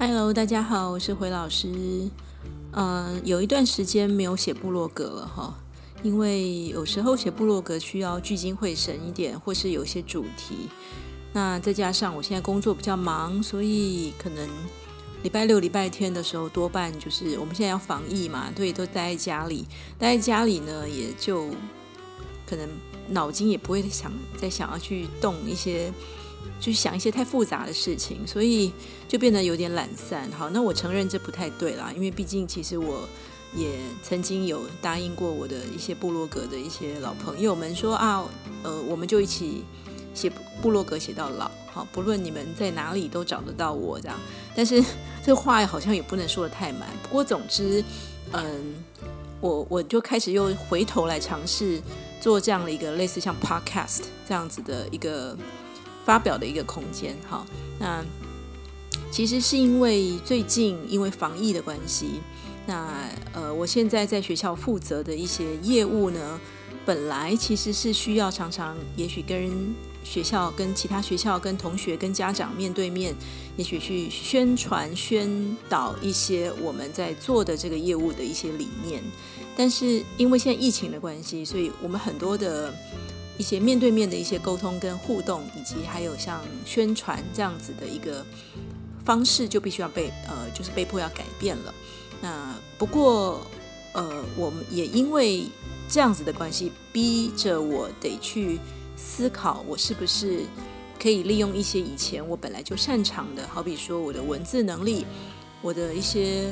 Hello，大家好，我是回老師。嗯、呃，有一段時間沒有寫部落格了哈，因為有時候寫部落格需要聚精會神一點，或是有一些主題。那再加上我現在工作比較忙，所以可能禮拜六、禮拜天的時候多半就是我們現在要防疫嘛，所以都待在家裡。待在家裡呢，也就可能腦筋也不會想再想要去動一些。就是想一些太複雜的事情，所以就變得有點懶散。好，那我承認這不太對啦，因為畢竟其實我也曾經有答應過我的一些部落格的一些老朋友們說啊，呃，我們就一起寫部落格寫到老，好，不論你們在哪裡都找得到我這樣。但是這個話好像也不能說得太滿。不過總之，嗯，我我就開始又回頭來嘗試做這樣的一個類似像 podcast 這樣子的一個。發表的一個空間，好，那其實是因為最近因為防疫的關係，那呃，我現在在學校負責的一些業務呢，本來其實是需要常常，也許跟學校、跟其他學校、跟同學、跟家長面對面，也許去宣傳、宣導一些我們在做的這個業務的一些理念。但是因為現在疫情的關係，所以我們很多的。一些面對面的一些溝通跟互動，以及還有像宣傳這樣子的一個方式，就必須要被呃，就是被迫要改變了。那不過呃，我們也因為這樣子的關係，逼着我得去思考，我是不是可以利用一些以前我本來就擅長的，好比說我的文字能力，我的一些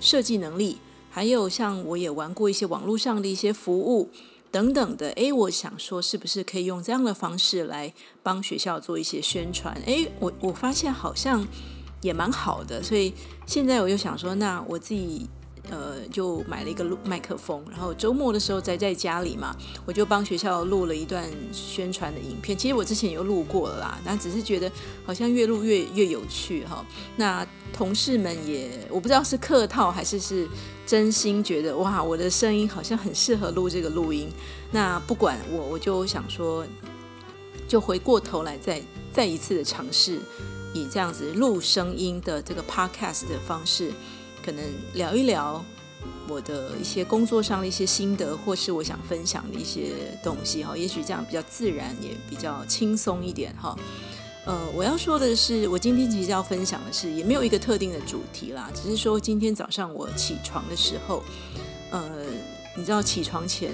設計能力，還有像我也玩過一些網絡上的一些服務。等等的，哎，我想說，是不是可以用這樣的方式來幫學校做一些宣傳？哎，我我發現好像也蠻好的，所以現在我又想說，那我自己。呃，就買了一個錄麥克風，然後週末的時候宅在家裡嘛，我就幫學校錄了一段宣傳的影片。其實我之前有錄過了啦，那只是覺得好像越錄越越有趣哈、哦。那同事們也，我不知道是客套還是是真心覺得哇，我的聲音好像很適合錄這個錄音。那不管我，我就想說，就回過頭來再再一次的嘗試，以這樣子錄聲音的這個 podcast 的方式。可能聊一聊我的一些工作上的一些心得，或是我想分享的一些東西哈，也許這樣比較自然，也比較輕鬆一點哈。呃，我要說的是，我今天其實要分享的是，也沒有一個特定的主題啦，只是說今天早上我起床的時候，呃，你知道起床前。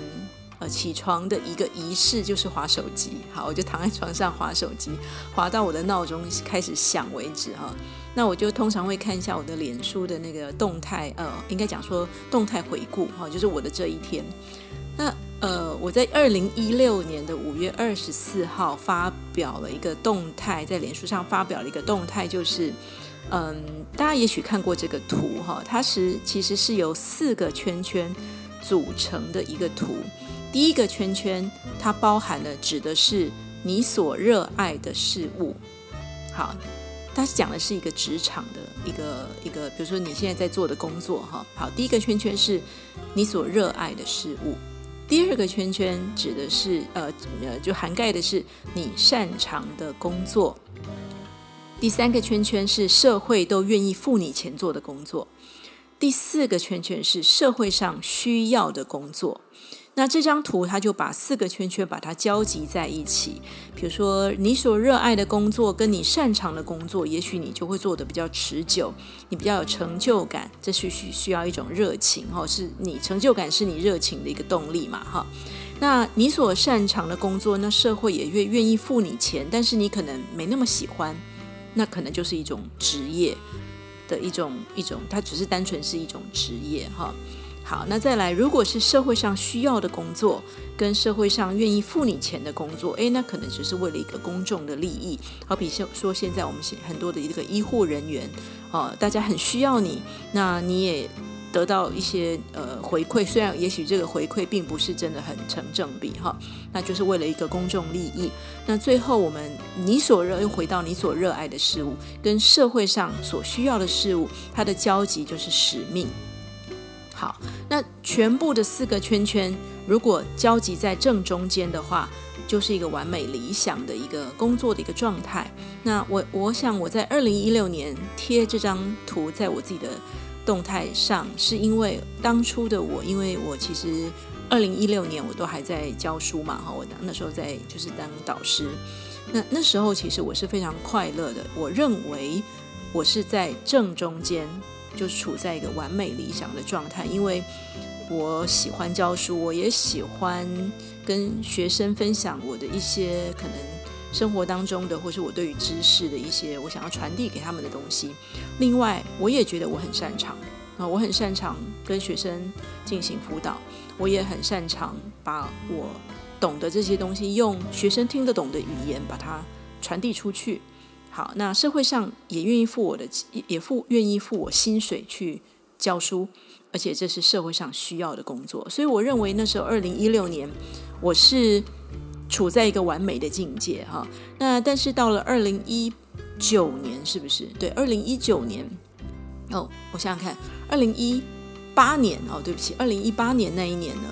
呃，起床的一個儀式就是滑手機。好，我就躺在床上滑手機，滑到我的鬧鐘開始響為止哈，那我就通常會看一下我的臉書的那個動態，呃，應該講說，動態回顧哈，就是我的這一天。那呃，我在二零一六年的五月二十四號發表了一個動態，在臉書上發表了一個動態，就是嗯、呃，大家也許看過這個圖哈，它是其實是由四個圈圈組成的一個圖。第一個圈圈，它包含了指的是你所熱愛的事物。好，它講的是一個職場的一個一個，比如說你現在在做的工作哈。好，第一個圈圈是你所熱愛的事物。第二個圈圈指的是呃呃，就涵蓋的是你擅長的工作。第三個圈圈是社會都願意付你錢做的工作。第四個圈圈是社會上需要的工作。那這張圖，它就把四個圈圈把它交集在一起。比如說，你所熱愛的工作跟你擅長的工作，也許你就會做得比較持久，你比較有成就感。這是需需要一種熱情哈，是你成就感是你熱情的一個動力嘛哈。那你所擅長的工作，那社會也願願意付你錢，但是你可能沒那麼喜歡，那可能就是一種職業的一種一種，它只是單純是一種職業哈。好，那再來，如果是社會上需要的工作，跟社會上願意付你錢的工作，誒、欸，那可能只是為了一個公眾的利益。好比說現在我們很多的一個醫護人員，哦，大家很需要你，那你也得到一些呃回饋，雖然也許這個回饋並不是真的很成正比哈、哦，那就是為了一個公眾利益。那最後，我們你所熱又回到你所熱愛的事物，跟社會上所需要的事物，它的交集就是使命。好，那全部的四個圈圈，如果交集在正中間的話，就是一個完美理想的一個工作的一個狀態。那我我想我在二零一六年貼這張圖在我自己的動態上，是因為當初的我，因為我其實二零一六年我都還在教書嘛，哈，我當那時候在就是當導師。那那時候其實我是非常快樂的，我認為我是在正中間。就處在一個完美理想的狀態，因為我喜歡教書，我也喜歡跟學生分享我的一些可能生活當中的，或是我對於知識的一些我想要傳遞給他們的東西。另外，我也覺得我很擅長，啊，我很擅長跟學生進行輔導，我也很擅長把我懂得這些東西用學生聽得懂的語言把它傳遞出去。好，那社會上也願意付我的，也付願意付我薪水去教書，而且這是社會上需要的工作，所以我認為那時候二零一六年我是處在一個完美的境界哈，哦。那但是到了二零一九年，是不是？對，二零一九年哦，我想想看，二零一八年哦，對不起，二零一八年那一年呢，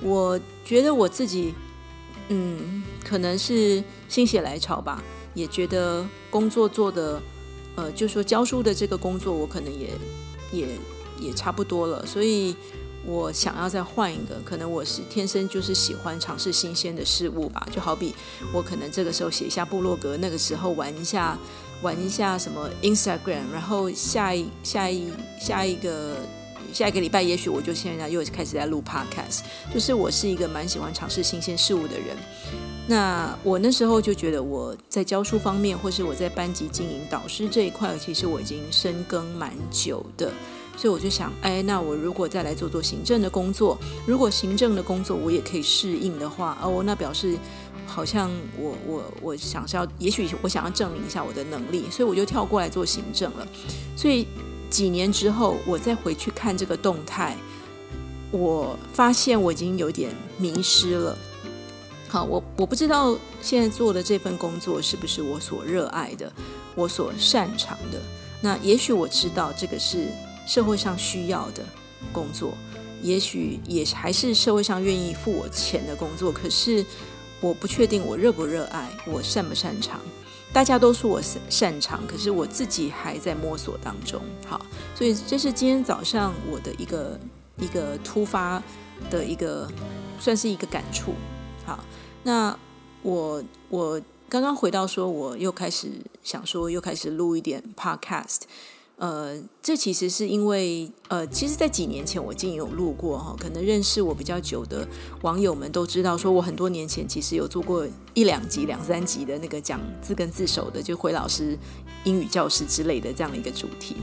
我覺得我自己嗯，可能是心血來潮吧。也覺得工作做的，呃，就是說教書的這個工作，我可能也也也差不多了，所以，我想要再換一個。可能我是天生就是喜歡嘗試新鮮的事物吧，就好比我可能這個時候寫一下部落格，那個時候玩一下玩一下什麼 Instagram，然後下一下一下一個。下一個禮拜，也許我就現在又開始在錄 Podcast。就是我是一個蠻喜歡嘗試新鮮事物的人。那我那時候就覺得我在教書方面，或是我在班級經營、導師這一塊，其實我已經深耕蠻久的。所以我就想，哎，那我如果再來做做行政的工作，如果行政的工作我也可以適應的話，哦，那表示好像我我我想要，也許我想要證明一下我的能力，所以我就跳過來做行政了。所以。幾年之後，我再回去看這個動態，我發現我已經有點迷失了。好，我我不知道現在做的這份工作是不是我所熱愛的，我所擅長的。那也許我知道這個是社會上需要的工作，也許也還是社會上願意付我錢的工作。可是我不確定我熱不熱愛，我擅不擅長。大家都說我擅擅長，可是我自己還在摸索當中。好，所以這是今天早上我的一個一個突發的一個算是一個感觸。好，那我我剛剛回到說，我又開始想說，又開始錄一點 Podcast。呃，這其實是因為，呃，其實，在幾年前我已經有錄過哈，可能認識我比較久的網友們都知道，說我很多年前其實有做過一兩集、兩三集的那個講字根字首的，就回老師、英語教師之類的這樣的一個主題。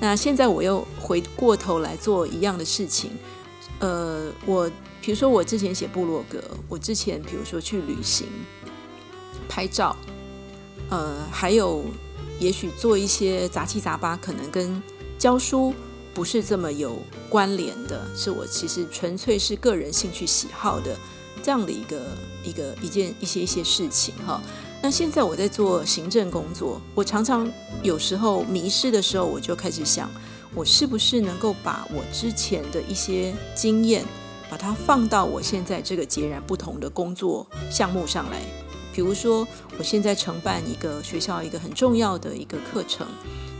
那現在我又回過頭來做一樣的事情，呃，我比如說我之前寫部落格，我之前比如說去旅行、拍照，呃，還有。也許做一些雜七雜八，可能跟教書不是這麼有關聯的，是我其實純粹是個人興趣喜好的這樣的一個一個一件一些一些事情哈。那現在我在做行政工作，我常常有時候迷失的時候，我就開始想，我是不是能夠把我之前的一些經驗，把它放到我現在這個截然不同的工作項目上來。比如說，我現在承辦一個學校一個很重要的一個課程，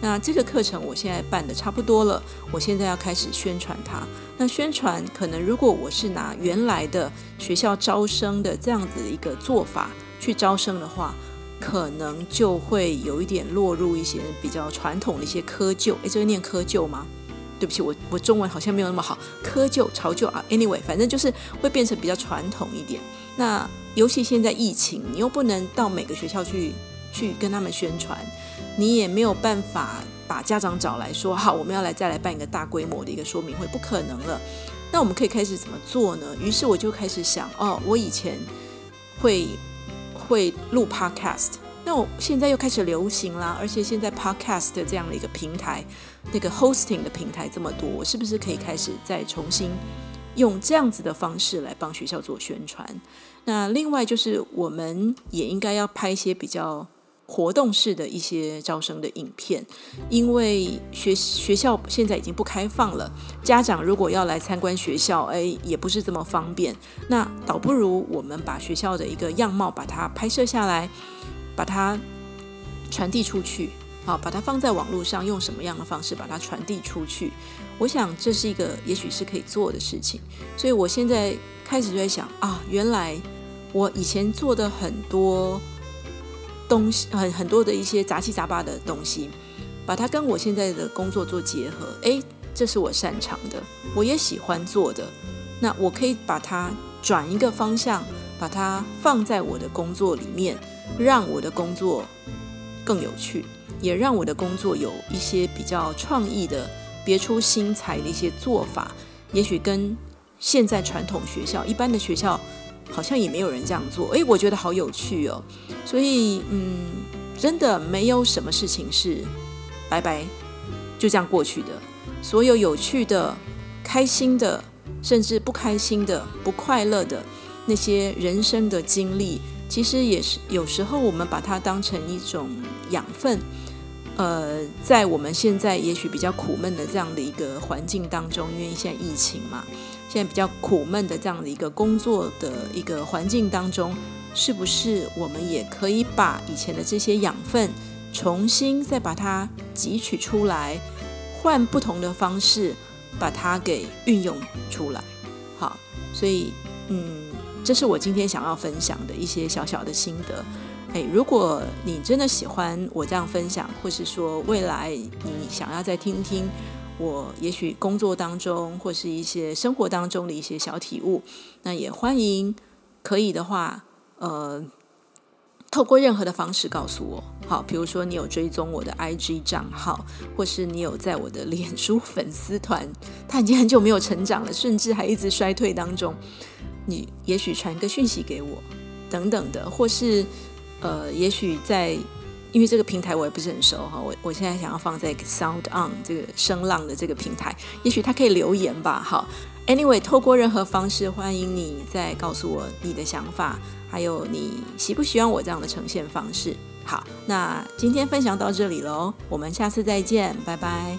那這個課程我現在辦得差不多了，我現在要開始宣傳它。那宣傳可能如果我是拿原來的學校招生的這樣子一個做法去招生的話，可能就會有一點落入一些比較傳統的一些窠臼。誒，這是念窠臼嗎？對不起，我我中文好像沒有那麼好。窠臼、潮臼啊，anyway，反正就是會變成比較傳統一點。那尤其現在疫情，你又不能到每個學校去去跟他們宣傳，你也沒有辦法把家長找來說好，我們要來再來辦一個大規模的一個說明會，不可能了。那我們可以開始怎麼做呢？於是我就開始想，哦，我以前會會錄 podcast。那我現在又開始流行啦，而且現在 podcast 這樣的一個平台，那個 hosting 的平台這麼多，我是不是可以開始再重新用這樣子的方式來幫學校做宣傳？那另外就是，我們也應該要拍一些比較活動式的、一些招生的影片，因為學學校現在已經不開放了，家長如果要來參觀學校，誒，也不是這麼方便。那倒不如我們把學校的一個樣貌把它拍攝下來。把它傳遞出去，啊，把它放在網絡上，用什麼樣的方式把它傳遞出去？我想這是一個也許是可以做的事情。所以我現在開始就在想啊，原來我以前做的很多東西，很很多的一些雜七雜八的東西，把它跟我現在的工作做結合，誒、欸，這是我擅長的，我也喜歡做的，那我可以把它轉一個方向，把它放在我的工作裡面。讓我的工作更有趣，也讓我的工作有一些比較創意的、別出心裁的一些做法。也許跟現在傳統學校一般的學校，好像也沒有人這樣做。誒，我覺得好有趣哦。所以，嗯，真的沒有什麼事情是白白就這樣過去的。所有有趣的、開心的，甚至不開心的、不快樂的那些人生的經歷。其實也是有時候，我們把它當成一種養分，呃，在我們現在也許比較苦悶的這樣的一個環境當中，因為現在疫情嘛，現在比較苦悶的這樣的一個工作的一個環境當中，是不是我們也可以把以前的這些養分重新再把它汲取出來，換不同的方式把它給運用出來？好，所以嗯。這是我今天想要分享的一些小小的心得，誒，如果你真的喜歡我這樣分享，或是說未來你想要再聽聽我，也許工作當中或是一些生活當中的一些小體悟，那也歡迎，可以的話，呃。透過任何的方式告訴我，好，比如說你有追蹤我的 IG 賬號，或是你有在我的臉書粉絲團，他已經很久沒有成長了，甚至還一直衰退當中，你也許傳個訊息給我，等等的，或是呃，也許在。因為這個平台，我也不是很熟哈，我我現在想要放在 Sound On 這個聲浪的這個平台，也許它可以留言吧。好，Anyway，透過任何方式，歡迎你再告訴我你的想法，還有你喜不喜歡我這樣的呈現方式。好，那今天分享到這裡嘍，我們下次再見，拜拜。